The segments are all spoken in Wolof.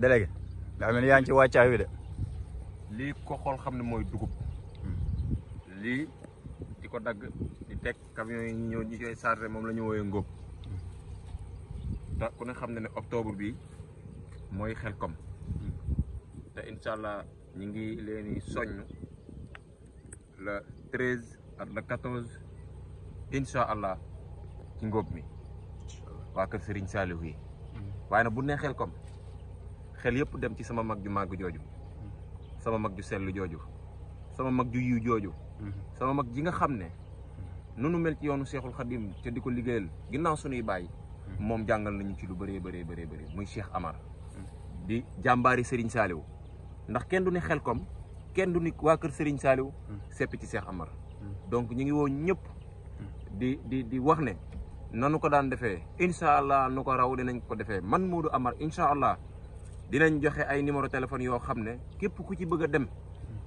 délégué daa mel yaa ngi ci wàccaay wi de. lii ko xool xam ne mooy dugub. Hmm. lii di ko dagg di teg camion yi ñëw ñi koy chargé moom la ñu woowee ngóob. Hmm. te ku ne xam ne ne octobre bii mooy xelkom. Hmm. te incha allah ñu ngi leen di soññ le treize ak le quatorze incha allah ci ngóob mi. waa kër Serigne Saliou yi. waaye nag bu nee xelkom. xel yëpp dem ci sama mag ju màgg jooju sama mag ju sellu jooju sama mag ju yiw jooju sama mag ji nga xam ne nu mel ci yoonu Seexul Xadim te di ko liggéeyal ginnaaw suñuy bàyyi moom jàngal nañu ci lu bëree bëree bëree bëri muy Cheikh Amar di jàmbaari Serigne Saliou ndax kenn du ni Xelkom kenn du ni waa kër Serigne Saliou sepp ci seex Amar donc ñu ngi woo ñëpp di di di wax ne nanu ko daan defee incha allah nu ko raw nañ ko defee man Modou Amar incha allah dinañ joxe ay numéro téléphone yoo xam ne képp ku ci bëgg a dem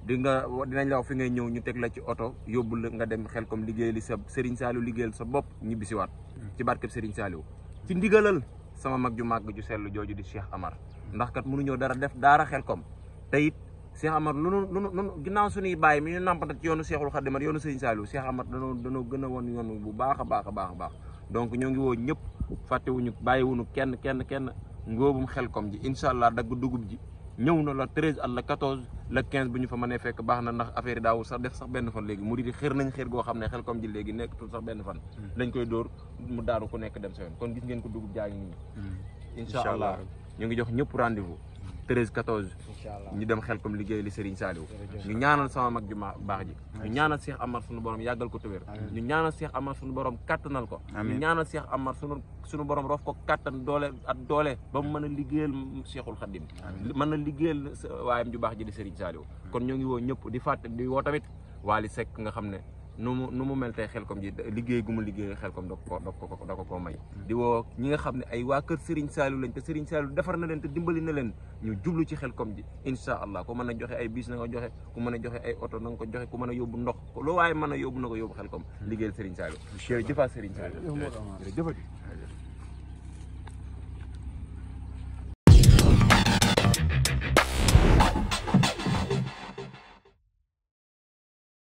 di nga dinañ la fi ngay ñëw ñu teg la ci oto yóbbu la nga dem xel comme liggéey li sa Serigne Saliou liggéeyal sa bopp ñibbisiwaat mm. ci barkeb Serigne Saliou ci ndigalal sama mag ju màgg ju sellu jooju di Cheikh Amar ndax kat ñëw dara def daara xel comme te it Cheikh Amar lu nu lu nu ginnaaw suñuy bàyyi mi ñu nampatat ci yoonu Cheikhul Khadim yoonu Serigne Saliou Cheikh Amar danoo danoo gën a woon yoon bu baax a baax a a baax donc ñoo ngi woo ñëpp fàttewuñu bàyyiwuñu kenn kenn kenn ngóobum xel kom ji incha allah dagg dugub ji ñëw na la treize ak la quatorze la quinze bu ñu fa mënee fekk baax na ndax affaire yi daawul sax def sax benn fan léegi mu di xër nañ xër goo xam ne xel kom ji léegi nekkatul sax benn fan. lañ hmm. koy dóor mu daaru ko nekk dem sa yoon kon gis ngeen ko dugub jaa ngi nii. Hmm. incha allah ñu ngi jox ñëpp rendez-vous. 13 14. ñu dem xel comme liggéey li Serigne Saliou ñu ñaanal sama mag ju baax ji ñu ñaanal Cheikh Amar suñu borom yàggal ko tëwér ñu ñaanal Cheikh Amar suñu borom kàttanal ko ñu ñaanal Cheikh Amar suñu suñu borom roof ko kàttan doole ak doole ba mu mën a liggéeyal Cheikhul Khadim mën a liggéeyal waayam ju baax ji di Serigne Saliou kon ñoo ngi woo ñëpp di fàtt di woo tamit Wally Seck nga xam ne nu mu nu mu mel tey xel kom ji liggéey gu mu liggéey xel kom da ko ko da ko ko may. di woo ñi nga xam ne ay waa kër Serigne lañ te Serigne Saliou defar na leen te dimbali na leen ñu jublu ci xel kom ji incha allah ku mën a joxe ay bis na nga joxe ku mën a joxe ay oto na nga ko joxe ku mën a yóbbu ndox loo waaye mën a yóbbu na ko yóbbu xel kom liggéeyal Serigne Saliou. jërëjëf jëfaa Serigne Saliou. jërëjëf